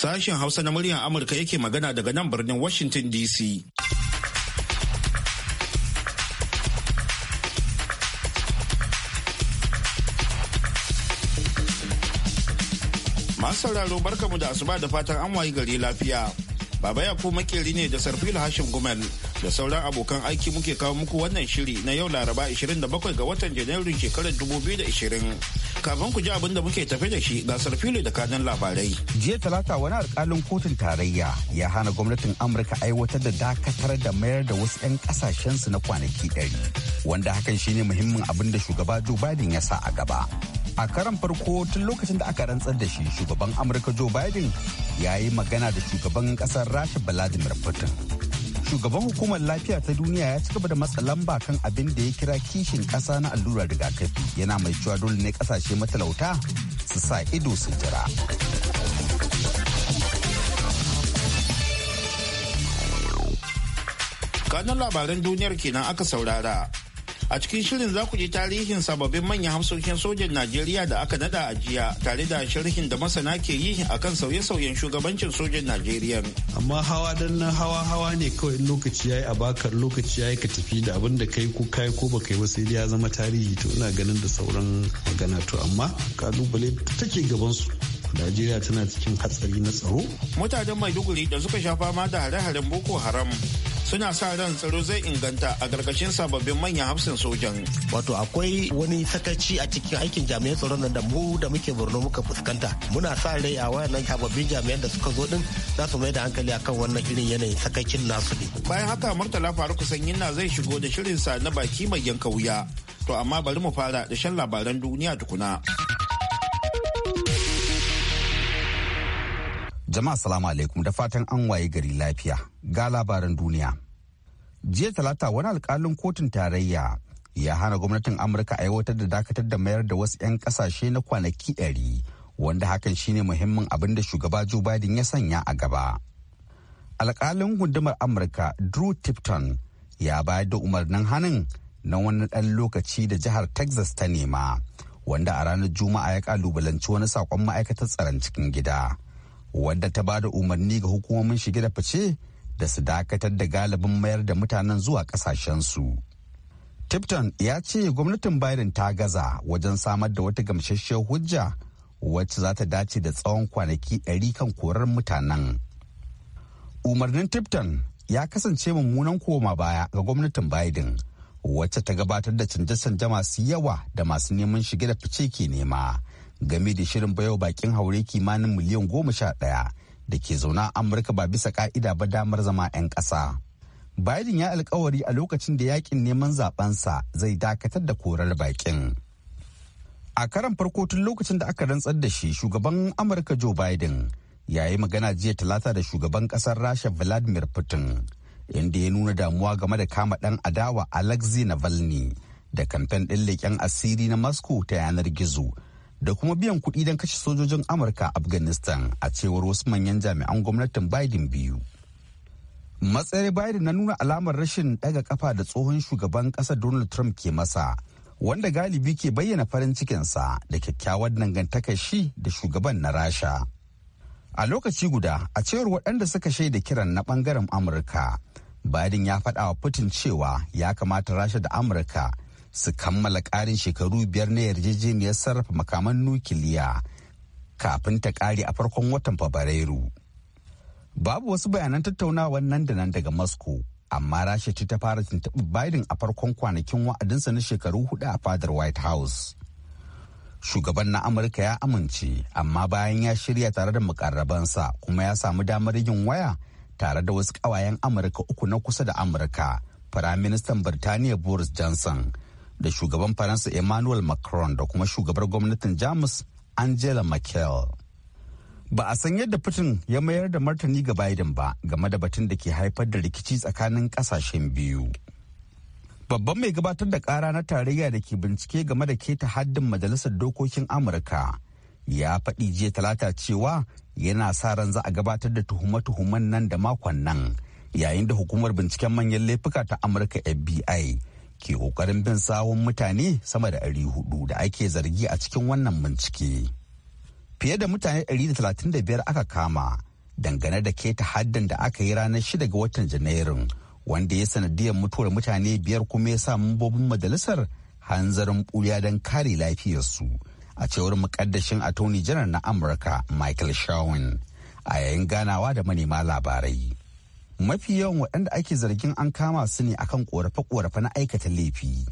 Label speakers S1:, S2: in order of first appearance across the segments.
S1: Sashen Hausa na muryar Amurka yake magana daga nan birnin Washington DC. Masu sauraro mu da asuba da fatan an wayi gari lafiya. Baba ya makeri ne da Sarfil Hashim Gumel da sauran abokan aiki muke kawo muku wannan shiri na yau Laraba 27 ga watan Janairun shekarar 2020. kafin ku ji abin da muke tafi da shi gasar fili da kanan labarai.
S2: Jiya talata wani alkalin kotun tarayya ya hana gwamnatin Amurka aiwatar da dakatar da mayar da wasu 'yan kasashensu na kwanaki ɗari. Wanda hakan shine muhimmin abin da shugaba Joe Biden ya sa a gaba. A karan farko tun lokacin da aka rantsar da shi shugaban Amurka Joe Biden ya yi magana da shugaban ƙasar Rasha Vladimir Putin. shugaban hukumar lafiya ta duniya ya ci gaba da matsa lamba kan abin da ya kira kishin kasa na allurar rigakafi yana mai cewa dole ne kasashe matalauta su sa ido su jira.
S1: kanun labaran duniyar kenan aka saurara A cikin shirin za ku ji tarihin sababbin manyan hamsoshin sojan Najeriya da aka nada a jiya tare da sharhin da masana ke yi akan sauye-sauyen shugabancin sojan Najeriya.
S3: Amma hawa dan nan hawa hawa ne kawai lokaci yayi a bakar lokaci yayi ka tafi da abin da kai ko kai ko baka yi ba sai ya zama tarihi to ina ganin da sauran magana to amma kalubale take gaban su Najeriya tana cikin hatsari na tsaro.
S1: Mutanen Maiduguri da suka sha fama da hare-haren Boko Haram suna sa ran tsaro zai inganta a ƙarƙashin sababbin manyan hafsin sojan.
S4: Wato akwai wani sakaci a cikin aikin jami'an tsaro nan da mu da muke Borno muka fuskanta. Muna sa rai a wayannan sababbin jami'an da suka zo din za su mai da hankali akan wannan irin yanayin sakacin
S1: nasu ne. Bayan haka Murtala Faruk na zai shigo da shirinsa na baki mai yanka wuya. To amma bari mu fara da shan labaran duniya tukuna.
S2: Jama'a salamu alaikum da fatan an waye gari lafiya ga labaran duniya. Jiya talata wani alkalin kotun tarayya ya hana gwamnatin Amurka aiwatar da dakatar da mayar da wasu 'yan kasashe na kwanaki 100 wanda hakan shine muhimmin abin da shugaba Joe Biden ya sanya a gaba. Alkalin gundumar Amurka Drew Tipton ya bayar da umarnin hanin na wani ɗan lokaci da jihar Texas ta nema wanda a ranar Juma'a ya kalubalanci wani saƙon ma'aikatar tsaron cikin gida. wadda ta ba da umarni ga hukumomin shige da fice da su dakatar da galibin mayar da mutanen zuwa kasashensu. Tipton ya ce gwamnatin Biden ta gaza wajen samar da wata gamsasshiyar hujja wacce za ta dace da tsawon kwanaki ɗari kan korar mutanen. Umarnin Tipton ya kasance mummunan koma baya ga gwamnatin Biden. wacce ta gabatar da canje-canje masu yawa da masu neman shige da fice ke nema game da shirin bayo bakin haure kimanin miliyan goma sha ɗaya da ke zauna amurka ba bisa ka'ida ba damar zama 'yan ƙasa. biden ya alkawari a lokacin da yakin neman zabensa zai dakatar da korar bakin a karan farko tun lokacin da aka rantsar da shi shugaban amurka joe biden ya yi magana jiya talata da shugaban kasar rasha vladimir putin inda ya nuna damuwa game da kama dan adawa alexei navalny da kamfen ɗin leƙen asiri na moscow ta yanar gizo da kuma biyan kuɗi don kashe sojojin amurka a afghanistan a cewar wasu manyan jami'an gwamnatin biden biyu matsayar biden na nuna alamar rashin ɗaga kafa da tsohon shugaban ƙasar donald trump ke masa wanda galibi ke bayyana farin cikinsa da kyakkyawar dangantakar shi da shugaban na rasha a lokaci guda a cewar waɗanda suka shaida kiran na ɓangaren amurka biden ya faɗa wa putin cewa ya kamata rasha da amurka su kammala ƙarin shekaru biyar na yarjejeniyar sarrafa makaman nukiliya kafin ta ƙare a farkon watan fabrairu babu wasu bayanan tattaunawa nan da nan daga moscow amma rasha ce ta fara tuntuɓi biden a farkon kwanakin wa'adinsa na shekaru hudu a fadar white house shugaban na amurka ya amince amma bayan ya shirya tare da mukarrabansa kuma ya samu damar yin waya tare da wasu ƙawayen amurka uku na kusa da amurka firaministan birtaniya boris johnson da shugaban faransa emmanuel macron da kuma shugabar gwamnatin jamus angela merkel ba a san yadda putin ya mayar da martani ga biden ba game da batun da ke haifar da rikici tsakanin kasashen biyu babban mai gabatar da kara na tarayya da ke bincike game da keta haddin majalisar dokokin amurka ya faɗi jiya talata cewa yana sa ran za a gabatar da tuhume-tuhumen nan da makon nan yayin da hukumar binciken manyan laifuka ta amurka fbi ke kokarin bin sawun mutane sama da 400 da ake zargi a cikin wannan bincike. Fiye da mutane 135 aka kama dangane da keta haddan da aka yi ranar 6 ga watan Janairun wanda ya sanadiyar mutuwar mutane biyar kuma ya sa mambobin majalisar hanzarin ɓuya don kare lafiyarsu a cewar mukaddashin attorney janar na Amurka Michael Shawin a yayin ganawa da manema labarai. mafi yawan waɗanda ake zargin an kama su ne akan korafe-korafe na aikata laifi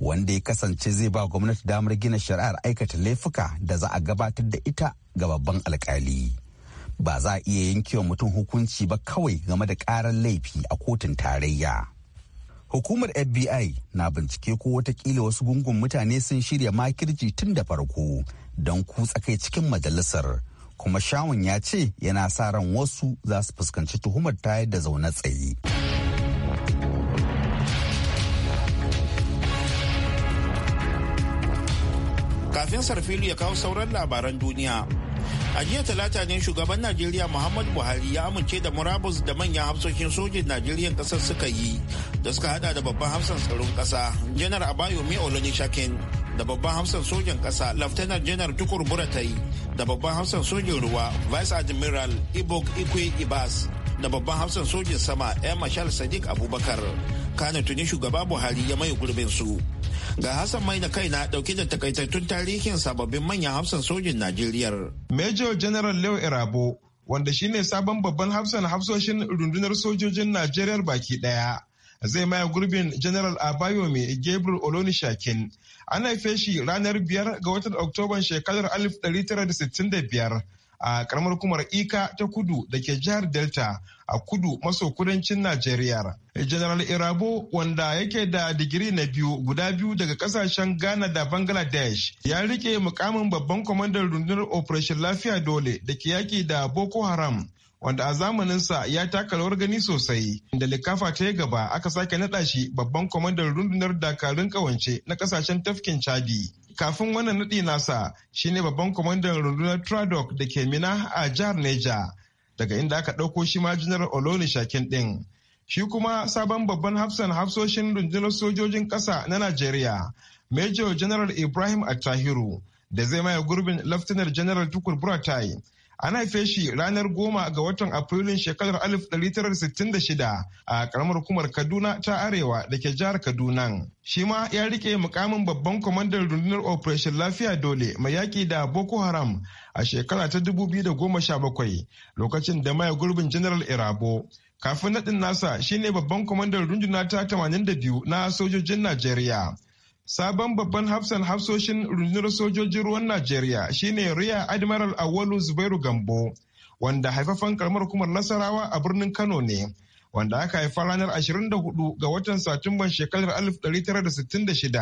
S2: wanda ya kasance zai ba gwamnati damar gina shari'ar aikata laifuka da za a gabatar da ita ga babban alkali ba za a iya yankewa mutum hukunci ba kawai game da ƙarar laifi a kotun tarayya hukumar fbi na bincike ko watakila wasu gungun mutane sun shirya makirji tun da farko don kutsa kai cikin majalisar kuma shawun ya ce yana sa ran wasu za su fuskanci tuhumar tayar da zaune tsaye.
S1: kafin sarfilu ya kawo sauran labaran duniya a jiya talata ne shugaban najeriya muhammadu buhari ya amince da murabus da manyan hafsoshin sojin najeriya kasar suka yi da suka hada da babban hafsan tsaron kasa janar abayomi olonishakin da babban hafsan sojan kasa laftanar janar tukur buratai da babban hafsan sojin ruwa vice admiral ibok ikwe ibas da babban hafsan sojin sama air marshal sadiq abubakar kana tuni shugaba buhari ya mai gurbin su ga hassan mai da na dauke da takaitattun tarihin sababbin manyan hafsan sojin najeriya
S5: major general leo irabo wanda shine sabon babban hafsan hafsoshin rundunar sojojin najeriya baki daya zai maya gurbin general abayomi gabriel olonishakin An haife shi ranar biyar ga watan Oktoban shekarar 1965 a karamar kumar Ika ta kudu da ke jihar Delta a kudu maso kudancin Najeriya. General Irabo wanda yake da digiri na biyu guda biyu daga kasashen Ghana da Bangladesh ya rike mukamin babban kwamandan rundunar Operation Lafiya Dole da ke yaki da Boko Haram. wanda a zamaninsa ya taka rawar gani sosai da likafa ta gaba aka sake naɗa shi babban kwamandan rundunar dakarun kawance na kasashen tafkin chadi kafin wannan naɗi nasa shine babban kwamandan rundunar tradoc da ke mina a jihar neja daga inda aka ɗauko shi ma janar oloni shakin ɗin shi kuma sabon babban hafsan hafsoshin rundunar sojojin ƙasa na najeriya major general ibrahim attahiru da zai maye gurbin laftanar general tukur buratai Ana haife shi ranar goma ga watan Afrilun shekarar 1966 a karamar hukumar Kaduna ta Arewa da ke jihar Kaduna. Shi ma ya rike mukamin babban kwamandan rundunar Operation Lafiya Dole mai yaki da Boko Haram a shekara ta 2017 lokacin da maya gurbin General Irabo. Kafin naɗin nasa shine babban kwamandan runduna ta 82 na sojojin Najeriya. Sabon babban hafsan hafsoshin rundunar sojojin ruwan Najeriya shine Riya Admiral Awalu Zubairu Gambo, wanda haifafan kalmar hukumar Nasarawa a birnin Kano ne, wanda aka haifa ranar 24 ga watan Satumban shekarar 1966.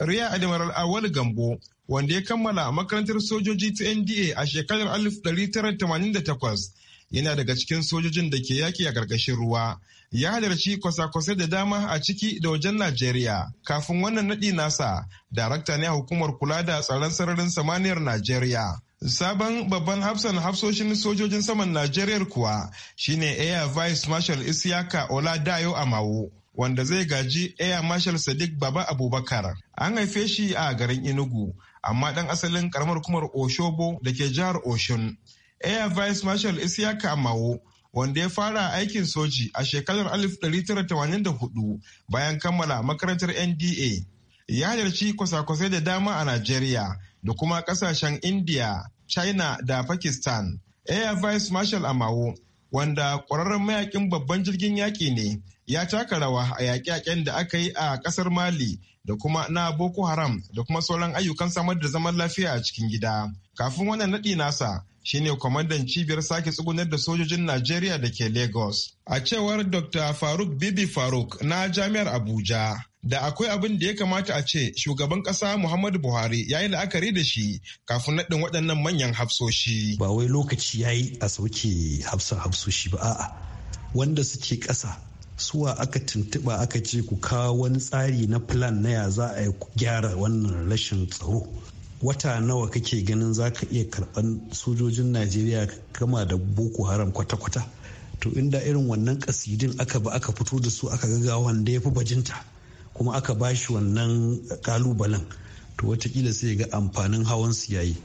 S5: Riya Admiral Awalu Gambo, wanda ya kammala makarantar sojoji ta NDA a shekarar 1988. yana daga cikin sojojin da ke yaki a ƙarƙashin ruwa ya halarci kwasa kwasa da dama a ciki da wajen Najeriya. Kafin wannan naɗi nasa, darakta ne a hukumar kula da tsaron sararin samaniyar Najeriya. Sabon babban hafsan hafsoshin sojojin saman Najeriya kuwa shine Air Vice Marshal Isiyaka Oladayo Amawu. Wanda zai gaji Air Marshal Sadiq Baba Abubakar. An haife shi a garin Enugu, amma ɗan asalin karamar hukumar Oshobo da ke jihar Oshun. air vice marshal isiyaka mawo wanda ya fara aikin soji a shekarar 1984 bayan kammala makarantar nda ya halarci kwasa-kwasai da dama a Najeriya da kuma kasashen India, China da Pakistan. Air Vice Marshal Amawo, wanda ƙwararren mayakin babban jirgin yaƙi ne, ya taka rawa a yaƙe-yaƙen da aka yi a ƙasar Mali da kuma na Boko Haram da kuma sauran ayyukan samar da zaman lafiya a cikin gida. Kafin wannan naɗi nasa shine kwamandan cibiyar sake tsugunar da sojojin Najeriya da ke Lagos. A cewar Dr. Faruk Bibi Faruk na Jami'ar Abuja. Da akwai abin da ya kamata a ce shugaban ƙasa Muhammadu Buhari ya yi la'akari da shi kafin naɗin waɗannan manyan hafsoshi. Ba wai lokaci ya yi a sauke hafsa hafsoshi ba, a'a wanda suke ƙasa
S3: suwa aka tuntuɓa aka ce ku kawo wani tsari na plan na ya za a yi gyara wannan rashin tsaro wata nawa kake ganin za ka iya karɓan sojojin najeriya gama da boko haram kwata-kwata to inda irin wannan kasidin aka ba aka fito da su aka gaga wanda ya fi bajinta kuma aka ba shi wannan kalubalen to watakila sai ga amfanin hawan su yayi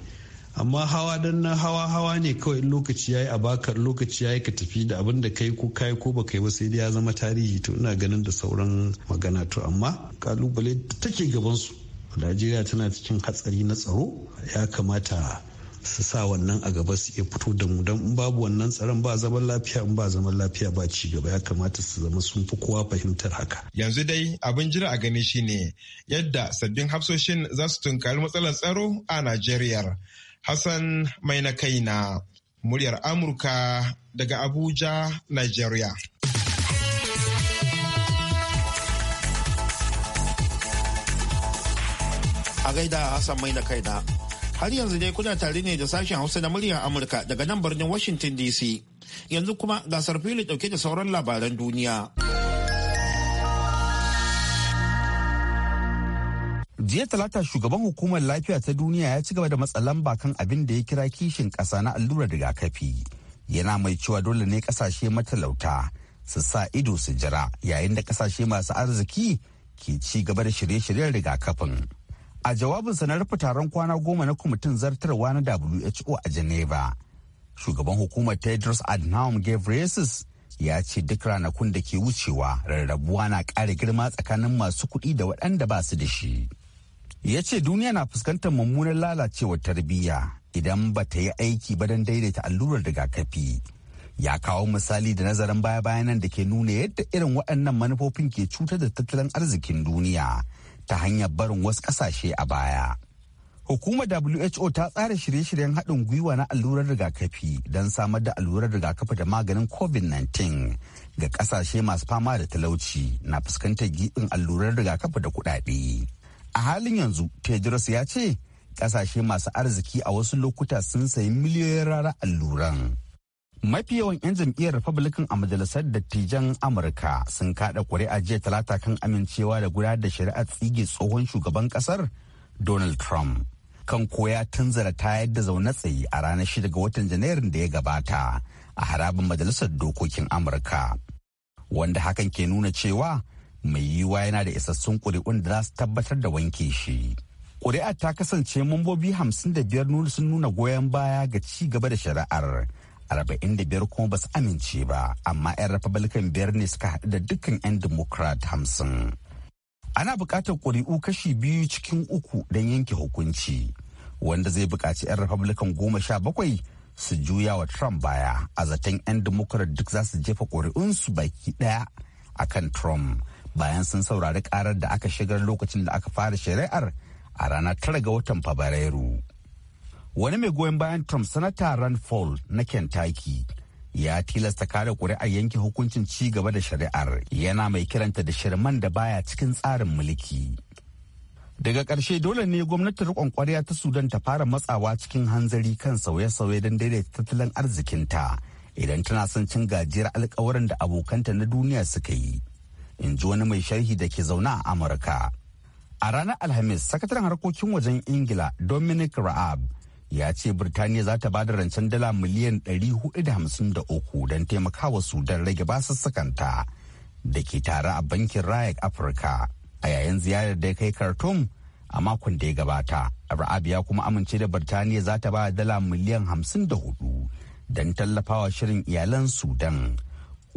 S3: amma hawa dan na hawa hawa ne kawai lokaci yayi a bakar lokaci yayi ka tafi da abin da kai ko kai ko baka yi ba sai dai ya zama tarihi to ina ganin da sauran magana to amma kalubale take gaban su Najeriya tana cikin hatsari na tsaro ya kamata su sa wannan a gaba su iya fito da mu don babu wannan tsaron ba zaman lafiya in ba zaman lafiya ba ci gaba ya kamata su zama
S5: sun fi kowa fahimtar haka. Yanzu dai abin jira a gani shine yadda sabbin hafsoshin za su tunkari matsalar tsaro a Najeriya. Hassan mai na na muryar Amurka daga Abuja, Nigeria.
S1: A gaida Hassan mai na na Har yanzu dai kuna tare ne da sashen Hausa na muryar Amurka daga nan birnin Washington DC. Yanzu kuma gasar fili dauke da sauran labaran duniya.
S2: jiya talata shugaban hukumar lafiya ta duniya ya ci gaba da matsalamba kan abin da ya kira kishin kasa na allurar rigakafi yana mai cewa dole ne kasashe matalauta su sa ido su jira yayin da kasashe masu arziki ke ci gaba da shirye-shiryen rigakafin a jawabinsa na rufe taron kwana goma na kwamitin zartarwa na who a geneva shugaban hukumar tedros adhanom ghebreyesus ya ce duk ranakun da ke wucewa rarrabuwa na ƙara girma tsakanin masu kuɗi da waɗanda ba su da shi ya ce duniya na fuskantar mummunan lalacewar tarbiyya idan ba ta yi aiki ba don daidaita allurar rigakafi ya kawo misali da nazarin baya bayanan da ke nuna yadda irin waɗannan manufofin ke cutar da tattalin arzikin duniya ta hanyar barin wasu ƙasashe a baya hukumar who ta tsara shirye-shiryen haɗin gwiwa na allurar rigakafi don samar da allurar rigakafi da maganin covid-19 ga ƙasashe masu fama da talauci na fuskantar giɓin allurar rigakafi da kuɗaɗe. a halin yanzu tedros ya ce kasashe masu arziki a wasu lokuta sun sayi miliyoyin rara alluran mafi yawan 'yan jam'iyyar republican a majalisar dattijan amurka sun kada kuri'a jiya talata kan amincewa da guda da shari'a tsige tsohon shugaban kasar donald trump kan koya tunzara ta yadda zaune tsaye a ranar 6 ga watan janairun da ya gabata a harabin majalisar dokokin amurka wanda hakan ke nuna cewa mai yiwuwa yana da isassun ƙuri'un da za su tabbatar da wanke shi. ƙuri'a ta kasance mambobi hamsin da biyar sun nuna goyon baya ga ci gaba da shari'ar. arba'in da biyar kuma ba su amince ba amma 'yan republican biyar ne suka haɗu da dukkan 'yan democrat hamsin. ana buƙatar ƙuri'u kashi biyu cikin uku don yanke hukunci wanda zai buƙaci 'yan republican goma sha bakwai su juya wa trump baya a zaton 'yan democrat duk za su jefa ƙuri'unsu baki ɗaya a kan trump bayan sun saurari karar da aka shigar lokacin da aka fara shari'ar a ranar tara ga watan fabrairu wani mai goyon bayan trump sanata rand paul na kentucky ya tilasta kare kuri'ar yanke hukuncin ci gaba da shari'ar yana mai kiranta da shirman da baya cikin tsarin mulki daga ƙarshe dole ne gwamnatin riƙon ƙwarya ta sudan ta fara matsawa cikin hanzari kan sauye-sauye don daidaita tattalin arzikinta idan tana son cin gajiyar alkawarin da abokanta na duniya suka yi in ji wani mai sharhi da ke zauna a amurka a ranar alhamis sakataren harkokin wajen ingila dominic raab ya ce birtaniya za ta da rancen dala miliyan 453 don taimakawa sudan rage basussukanta da ke tare a bankin rayak afirka a yayin ziyarar da ya kai khartoum a makon da ya gabata raab ya kuma amince da birtaniya za ta ba dala miliyan 54 don tallafawa shirin iyalan sudan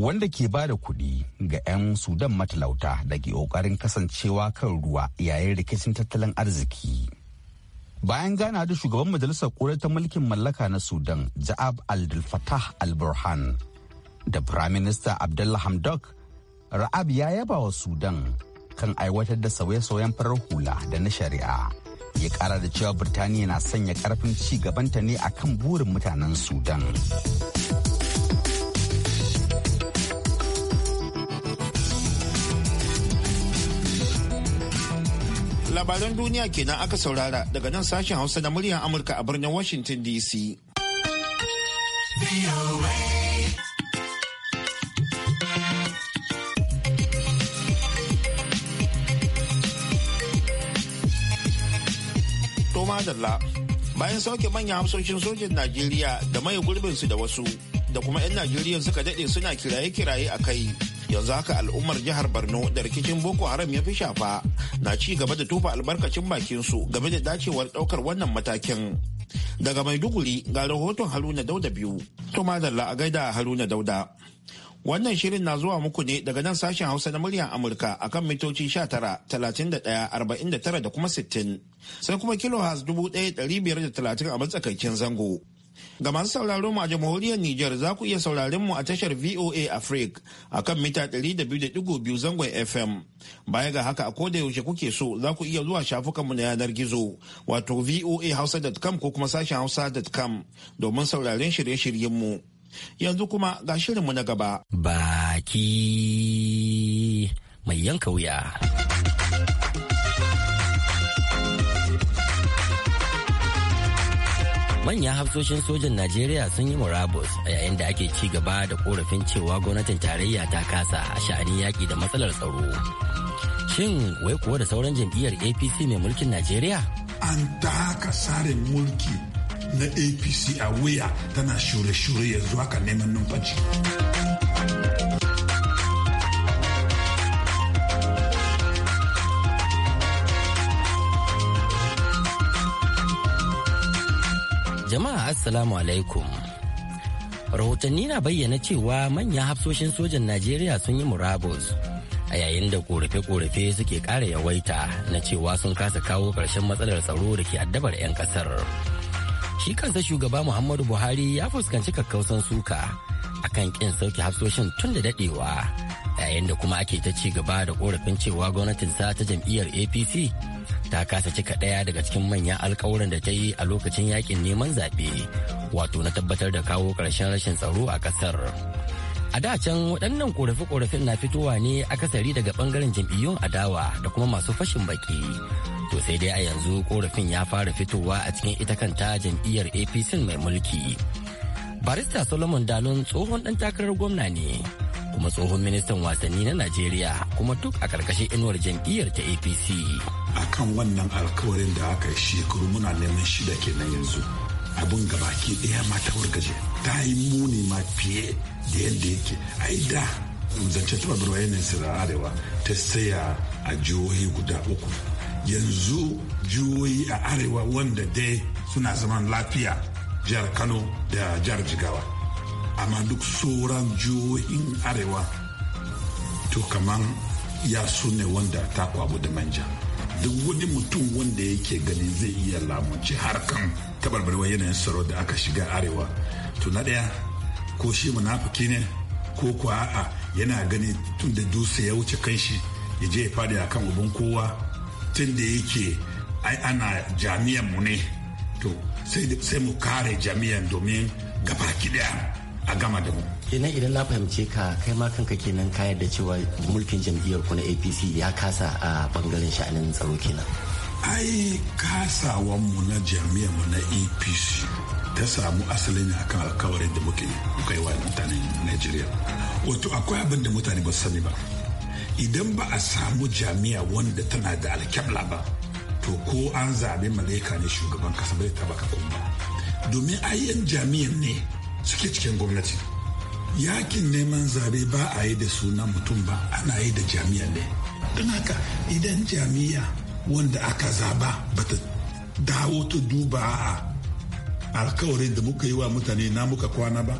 S2: wanda ke ba da kuɗi ga 'yan sudan matalauta da ke ƙoƙarin kasancewa kan ruwa yayin rikicin tattalin arziki bayan gana da shugaban majalisar ƙorar ta mulkin mallaka na sudan ja'ab al-fatah al-burhan da firaminista abdullah hamdok ra'ab ya yaba wa sudan kan aiwatar da sauye-sauyen farar hula da na shari'a ya kara da cewa birtaniya na sanya karfin ci gabanta ne akan burin mutanen sudan
S1: labaran duniya kenan aka saurara daga nan sashen hausa na muryar amurka a birnin washington dc Toma bayan sauke manyan hamsoshin sojin Najeriya da maye gurbinsu da wasu da kuma 'yan Najeriya suka daɗe suna kiraye-kiraye a kai. yanzu haka al'ummar jihar borno da rikicin boko haram ya fi shafa na ci gaba da tufa albarkacin bakinsu game da dacewar daukar wannan matakin daga maiduguri ga rahoton haruna dauda biyu to madalla a gaida haruna dauda wannan shirin na zuwa muku ne daga nan sashen hausa na muryar amurka akan mitoci 19 31 da kuma 60 sai kuma kilohertz 1530 a matsakaicin zango Ga masu sauraro mu a jamhuriyar Nijar za ku iya sauraron mu a tashar VOA Africa a kan mita 200.2 zangon FM. Baya ga haka a koda yaushe kuke so za ku iya zuwa shafukan mu na yanar gizo wato voahausa.com ko kuma sashen hausa.com domin sauraron shirye-shiryen mu. Yanzu kuma ga shirin mu na gaba.
S4: Baki mai yanka wuya. manyan hafsoshin sojan najeriya sun yi murabus a yayin da ake ci gaba da korafin cewa gwamnatin tarayya ta kasa a sha'anin yaƙi da matsalar tsaro shin wai kuwa da sauran jam'iyyar apc mai mulkin najeriya
S6: an taka sare mulki na apc a wuya tana shure-shure yanzu haka neman numfashi.
S4: Jama'a Assalamu alaikum. Rahotanni na bayyana cewa manyan hafsoshin sojan Najeriya sun yi murabus a yayin da korafe-korafe suke kara yawaita na cewa sun kasa kawo ƙarshen matsalar tsaro da ke addabar 'yan ƙasar. Shi kansa shugaba Muhammadu Buhari ya fuskanci kakkausan suka akan ƙin sauke hafsoshin tun da daɗewa yayin da kuma ake ta ci gaba da korafin cewa gwamnatinsa ta jam'iyyar APC ta kasa cika ɗaya daga cikin manyan alkawuran da ta yi a lokacin yakin neman zaɓe wato na tabbatar da kawo ƙarshen rashin tsaro a ƙasar. A da can waɗannan ƙorafe-ƙorafen na fitowa ne akasari daga ɓangaren jam'iyyun adawa da kuma masu fashin baki. To sai dai a yanzu ƙorafin ya fara fitowa a cikin ita kanta jam'iyyar APC mai mulki. Barista Solomon Dalon tsohon ɗan takarar gwamna ne, kuma tsohon ministan wasanni na Najeriya kuma duk a karkashin inuwar jam'iyyar ta apc a kan wannan alkawarin
S6: da aka yi shekaru muna neman shida kenan yanzu abin gabaki ɗaya ma ta wargaje ta yi muni ma fiye da yadda yake a yi da zance tuba birwa yanayin sirar arewa ta saya a jihohi guda uku yanzu jihohi a arewa wanda dai suna zaman lafiya jihar kano da jihar jigawa amma duk sauran jihohin arewa to kamar ya su ne wanda ta kwabu da manja duk wani mutum wanda yake gani zai iya lamunci harkan tabarbarwa yanayin tsaro da aka shiga arewa to na daya ko shi munafuki ne ko kuwa a'a yana gani tun da dutse ya wuce kan shi ya je ya fadi a kan ubin kowa tun da yake ai ana jami'an mu ne to sai mu kare jami'an domin gaba daya a gama da
S4: mu kenan idan na fahimce ka kai ma kanka kenan ka yadda cewa mulkin jam'iyyar ku apc ya kasa a bangaren sha'anin tsaro kenan
S6: ai mu na jam'iyyar mu na apc ta samu asalin ne akan alkawarin da muke kai wa mutanen najeriya wato akwai abin da mutane ba su sani ba idan ba a samu jami'a wanda tana da alkyabla ba to ko an zaɓe malaika ne shugaban kasa bai taba ka kuma domin ayyan jami'an ne suke cikin gwamnati yakin neman zabe ba a yi da sunan mutum ba ana yi da jami'a ne don haka idan jami'a wanda aka zaba ba ta dawo ta duba a alkawarin da muka yi wa mutane na muka kwana ba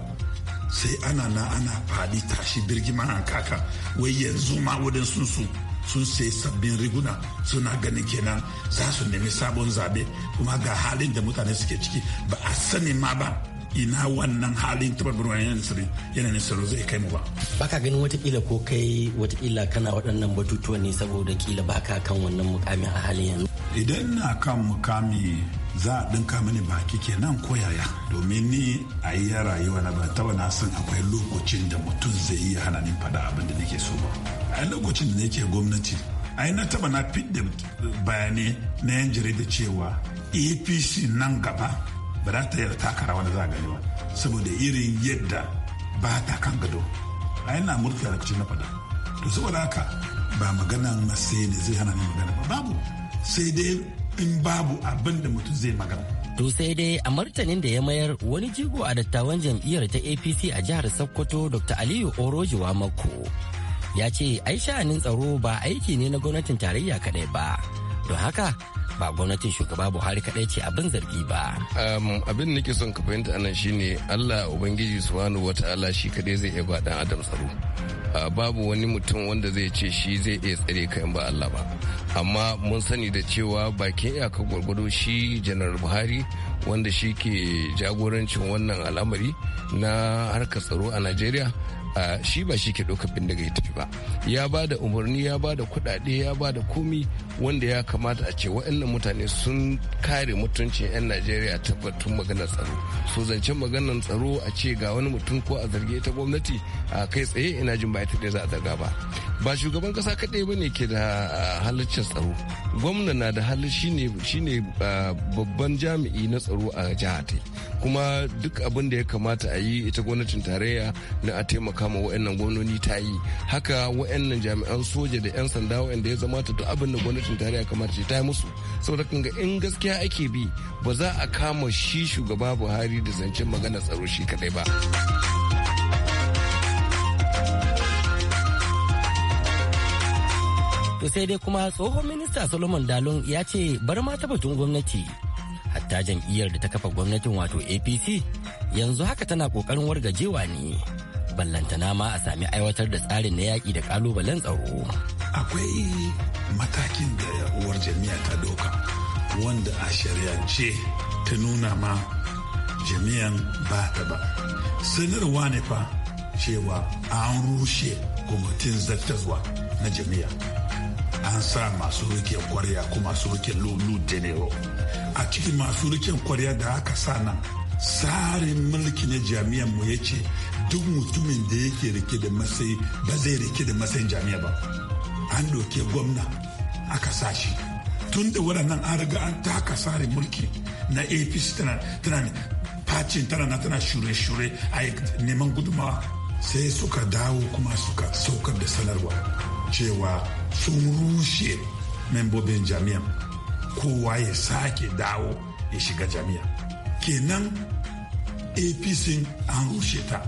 S6: sai ana na ana fadi tashi birgiman hankaka wai yanzu ma wurin sun su sun sai sabbin riguna suna ganin kenan za su nemi sabon zabe kuma ga halin da mutane suke ciki ba a sani ma ba ina wannan halin tabar burwayen nasirin
S4: yanayin tsaro zai kai mu ba. Baka ganin watakila ko kai watakila kana waɗannan batutuwan ne saboda kila baka kan wannan mukami a halin yanzu. Idan na
S6: kan mukami za a ɗinka mini baki kenan ko yaya domin ni a yi rayuwa na ba taba na san akwai lokacin da mutum zai iya hana ni faɗa abin da nake so ba. A lokacin da nake gwamnati ai na taba na fidda bayanai na yan jarida cewa APC nan gaba ba za ta yarda takara rawa da za a gani ba saboda irin yadda ba ta kan gado a yana murfi da na faɗa to saboda haka ba maganan sai ne zai hana ni magana ba babu sai dai in
S4: babu abin da mutum zai magana To sai dai a martanin da ya mayar wani jigo a dattawan jam'iyyar ta APC a jihar Sokoto Dr. Aliyu Orojiwa Mako ya ce ai sha'anin tsaro ba aiki ne na gwamnatin tarayya kaɗai ba. Don haka ba gwamnatin shugaba buhari kaɗai ce abin zargi ba
S7: abin da nake son ka fahimta anan shine allah ubangiji subhanahu ala shi kaɗai zai iya dan adam tsaro babu wani mutum wanda zai ce shi zai iya tsare ka in ba allah ba amma mun sani da cewa bakin iyakar gwargwado shi janar buhari wanda shi ke jagorancin wannan al'amari na harkar tsaro a najeriya A shi ba shi ke ɗaukar bindiga ya tafi ba ya ba da umarni ya ba da kuɗaɗe ya ba da komi wanda ya kamata a ce wa'annan mutane sun kare mutuncin 'yan najeriya tabbatun maganar tsaro so zancen maganar tsaro a ce ga wani mutum ko a zarge ta gwamnati a kai tsaye ina jin ba ita za a zarga ba ba shugaban kasa kaɗai ba ne ke da halaccin tsaro gwamna na da halin shine babban jami'i na tsaro a jihar kuma duk abin da ya kamata a yi ita gwamnatin tarayya na a taimaka ma wa'annan gwamnoni ta yi haka wa'annan jami'an soja da 'yan sanda wa'anda ya zama ta duk abin da gwamnatin tarayya kamata ta yi musu saboda kanga in gaskiya ake bi ba za a kama shi shugaba buhari da zancen magana tsaro shi kadai ba.
S4: to sai dai kuma tsohon minista solomon dalon ya ce bar ma batun gwamnati hatta jam'iyyar da ta kafa gwamnatin wato apc yanzu haka tana kokarin wargajewa ne ballantana ma a sami aiwatar da tsarin na yaƙi da kalubalen tsaro
S6: akwai matakin da uwar jami'a ta doka wanda a shari'ance ta nuna ma jami'an ba ta ba sanarwa ne fa cewa an rushe kwamitin zartaswa na jami'a an sa masu rike kwarya ko masu rike lulu janeiro a cikin masu rike kwarya da aka sa nan tsarin mulki na jami'an mu ya ce duk mutumin da yake rike da matsayi ba zai rike da matsayin jami'a ba an doke gwamna aka sa shi tun da waɗannan an riga an taka tsarin mulki na apc tana tana facin tana na tana shure-shure a neman gudumawa sai suka dawo kuma suka saukar da sanarwa cewa sun rushe membobin jami'an kowa ya sake dawo ya shiga jami'a kenan apc an rushe ta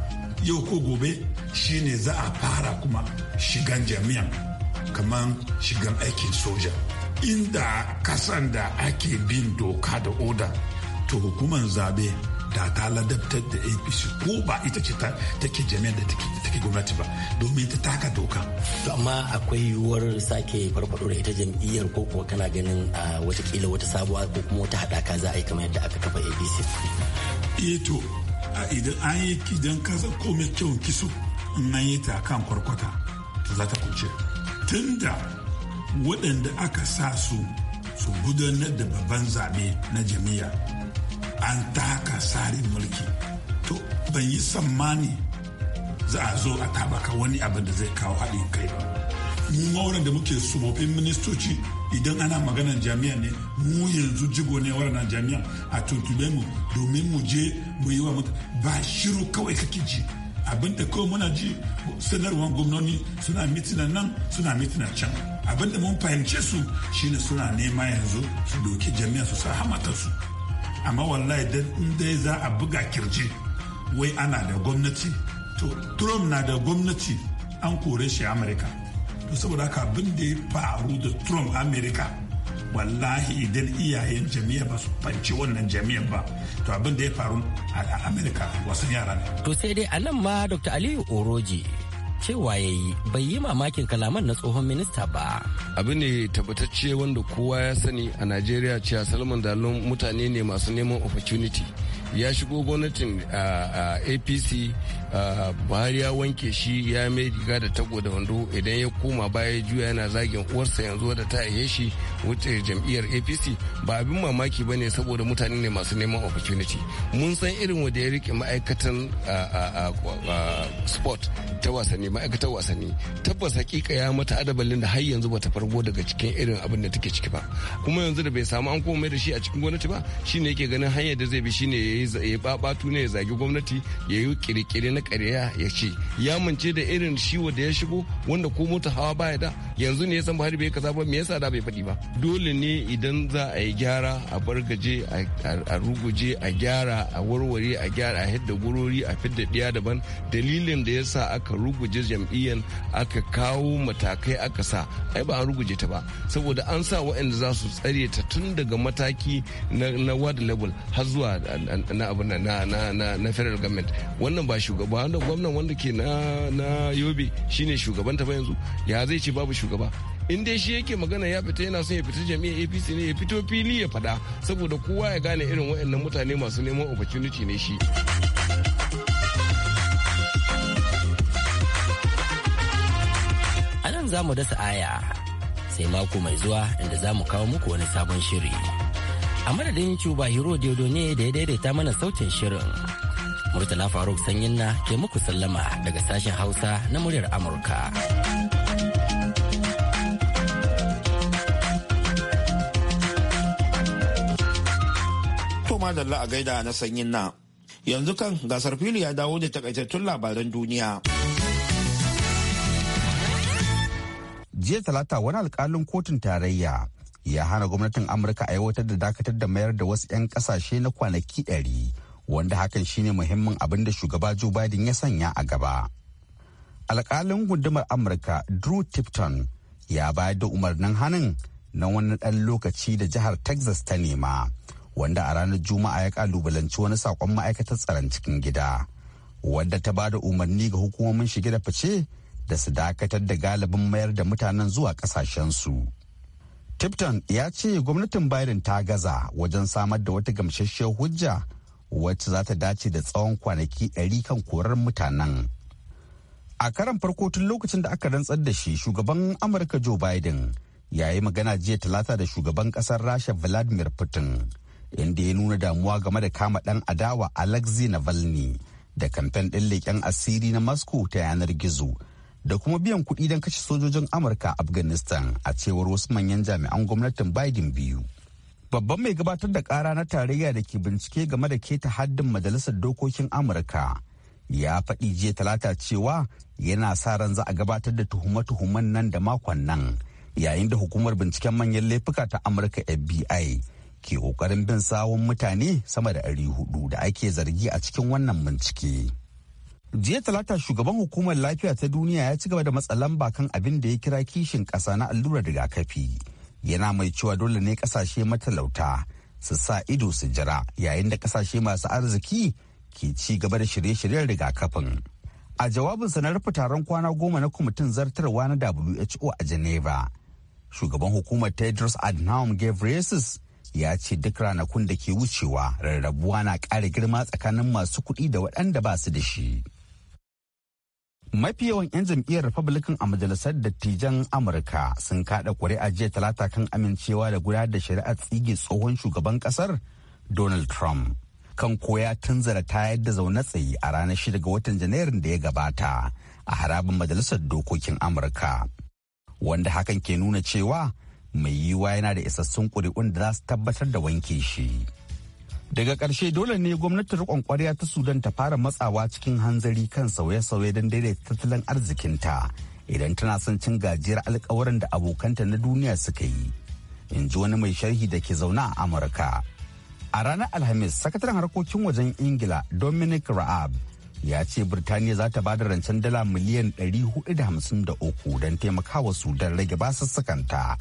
S6: yau ko gobe shine za a fara kuma shigan jami'an kamar shigan aikin soja inda kasan da ake bin doka da oda to hukumar zabe da ta ladabtar da apc ko ba ita ce ta ke jami'ar da ta ke gwamnati ba domin ta taka doka
S4: to amma akwai yiwuwar sake farfado da ita jam'iyyar ko kuma kana ganin a watakila wata sabuwa ko kuma wata haɗaka za a yi kamar yadda aka kafa apc E eh to idan
S6: an yi idan ka komai kyau kiso in an yi ta kan kwarkwata za ta kuce tunda waɗanda aka sa su su gudanar da babban zaɓe na jami'a an taka tsarin mulki to ban yi tsammani za a zo a tabaka wani abin da zai kawo haɗin kai ba mu mauran da muke sumofin ministoci idan ana magana jami'a ne mu yanzu jigo ne na jami'a a tuntube mu domin mu je mu yi wa mutu ba shiru kawai kake ji abinda kawai muna ji sanarwar gwamnoni suna mitina nan suna mitina can abinda mun fahimce su shine suna nema yanzu su doki jami'a su sa hamatar su amma wallahi in dai za a buga kirji wai ana da gwamnati to trump na da gwamnati an kore shi amurka to saboda haka abin da ya faru da trump amurka wallahi idan iyayen jami'a ba su fanci wannan jami'an ba to abin da ya faru a amurka wasan yara
S4: ne to sai dai a nan ma dr aliyu oroji cewa ya yi bai yi mamakin kalaman na tsohon minista ba. Abu ne tabbatacce wanda kowa ya sani a Najeriya cewa
S7: Salman Dalon mutane ne masu neman opportunity. ya shigo gwamnatin apc buhari ya wanke shi ya mai riga da tago da wando idan ya koma baya juya yana zagin uwarsa yanzu da ta aihe shi wuce jam'iyyar apc ba abin mamaki ba ne saboda mutane ne masu neman opportunity mun san irin wanda ya rike ma'aikatan sport ta wasanni ma'aikatar wasanni tabbas hakika ya mata adabalin da har yanzu bata farko daga cikin irin abin da take ciki ba kuma yanzu da bai samu an koma da shi a cikin gwamnati ba shine yake ganin hanyar da zai bi shine yayi ya babatu ne ya zagi gwamnati ya yi kirkire na karya ya ce ya mance da irin shiwo da ya shigo wanda ko mota hawa baya da yanzu ne ya san Buhari bai kaza ba me yasa da bai faɗi ba dole ne idan za a yi gyara a bargaje a ruguje a gyara a warware a gyara a hidda gurori a fidda ɗiya daban dalilin da yasa aka ruguje jam'iyyan aka kawo matakai aka sa ai ba an ruguje ta ba saboda an sa waɗanda za su tsare ta tun daga mataki na ward level har zuwa na abin na na na na federal government wannan ba shugaba wannan gwamnan wanda ke na na yobe shine shugaban ta yanzu ya zai ce babu shugaba in dai shi yake magana ya fita yana son ya fita jami'a apc ne ya fito fili ya fada saboda kowa ya gane irin waɗannan mutane masu neman opportunity ne shi
S4: a nan za mu dasa aya sai mako mai zuwa inda za mu kawo muku wani sabon shiri. a madadin cuba hero dodo ne da ya daidaita mana sautin shirin murtala faruk sanyin na ke muku sallama daga sashen hausa na muryar amurka
S1: to madalla a gaida na sanyin na yanzu kan gasar fili ya dawo da takaitattun labaran duniya
S2: jiya talata wani alkalin kotun tarayya ya hana gwamnatin amurka aiwatar da dakatar da mayar da wasu 'yan kasashe na kwanaki 100 wanda hakan shine muhimmin abin da shugaba joe biden ya sanya a gaba alkalin gundumar amurka drew tipton ya bayar da umarnin hannun na wani ɗan lokaci da jihar texas ta nema wanda a ranar juma'a ya kalubalanci wani sakon ma'aikatar tsaron cikin gida wadda ta ba da umarni ga hukumomin shige da fice da su dakatar da galibin mayar da mutanen zuwa kasashensu. su Tipton ya ce gwamnatin Biden ta gaza wajen samar da wata gamsasshiyar hujja wacce za ta dace da tsawon kwanaki 100 kan korar mutanen. A karan farko tun lokacin da aka rantsar da shi shugaban Amurka Joe Biden ya yi magana jiya talata da shugaban kasar Rasha Vladimir Putin inda ya nuna damuwa game da kama ɗan adawa Alexei Navalny da kamfen ɗin leƙen asiri na Moscow ta yanar gizo. da kuma biyan kuɗi don kashe sojojin amurka a afghanistan a cewar wasu manyan jami'an gwamnatin biden biyu babban mai gabatar da ƙara na tarayya da ke bincike game da keta haddin majalisar dokokin amurka ya faɗi jiya talata cewa yana sa ran za a gabatar da tuhume-tuhumen nan da makon nan yayin da hukumar binciken manyan laifuka ta amurka fbi ke ƙoƙarin bin sawun mutane sama da 400 da ake zargi a cikin wannan bincike. jiya talata shugaban hukumar lafiya ta duniya ya ci gaba da matsa lamba kan abin da ya kira kishin kasa na allurar rigakafi yana mai cewa dole ne kasashe matalauta su sa ido su jira yayin da kasashe masu arziki ke ci gaba da shirye-shiryen rigakafin a jawabinsa na rufe taron kwana goma na kwamitin zartarwa na who a geneva shugaban hukumar tedros adhanom ghebreyesus ya ce duk ranakun da ke wucewa rarrabuwa na ƙara girma tsakanin masu kuɗi da waɗanda ba su da shi Mafi yawan 'yan jam'iyyar Republican a majalisar dattijan Amurka sun kada ƙuri'a jiya talata kan amincewa da gudanar da shari'ar tsige tsohon shugaban ƙasar Donald Trump. Kan koya tunzara ta yadda zaune tsayi a ranar shida ga watan Janairun da ya gabata a harabin majalisar dokokin Amurka. Wanda hakan ke nuna cewa mai yiwuwa yana da isassun ƙuri'un da za su tabbatar da wanke shi. daga ƙarshe dole ne gwamnatin riƙon ƙwarya ta sudan ta fara matsawa cikin hanzari kan sauye-sauye don daidaita tattalin arzikinta idan tana son cin gajiyar alkawarin da abokanta na duniya suka yi in ji wani mai sharhi da ke zauna a amurka a ranar alhamis sakataren harkokin wajen ingila dominic raab ya ce birtaniya za ta ba da rancen dala miliyan 453 don taimakawa sudan rage basussukanta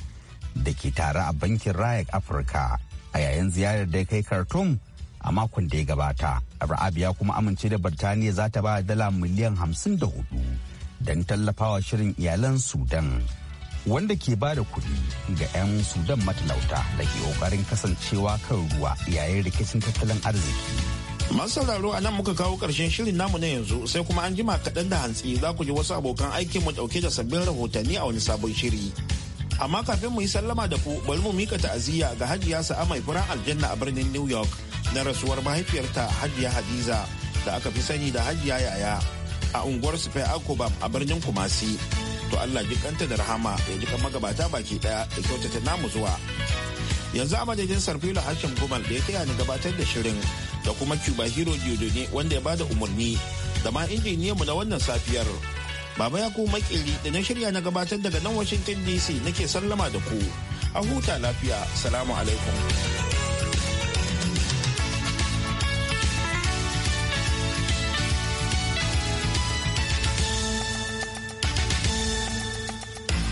S2: da ke tare a bankin rayak afirka a yayin ziyarar da ya kai Khartoum a makon da ya gabata. Ra'ab ya kuma amince da Birtaniya za ta ba dala miliyan hamsin da hudu don tallafawa shirin iyalan Sudan. Wanda ke ba da kuɗi ga 'yan Sudan matalauta da ke ƙoƙarin kasancewa kan ruwa yayin rikicin tattalin arziki. Masu sauraro a nan muka kawo ƙarshen shirin namu
S1: na yanzu sai kuma an jima kaɗan da hantsi za ku ji wasu abokan aikinmu ɗauke da sabbin rahotanni a wani sabon shiri. amma kafin mu yi sallama da ku bari mu mika ta'aziyya ga hajiya sa'amai furan aljanna a birnin new york na rasuwar mahaifiyarta hajiya hadiza da aka fi sani da hajiya yaya a unguwar fai akobam a birnin kumasi to allah kanta da rahama ya jika magabata baki daya da kyautata namu zuwa yanzu a madadin sarfilo harshen gumal da ya taya ni gabatar da shirin da kuma cuba hero ne wanda ya bada umarni da ma injiniyanmu na wannan safiyar Baba ya kuma makeri da na shirya na gabatar daga nan Washington DC nake sallama da ku. A huta lafiya. Salamu alaikum.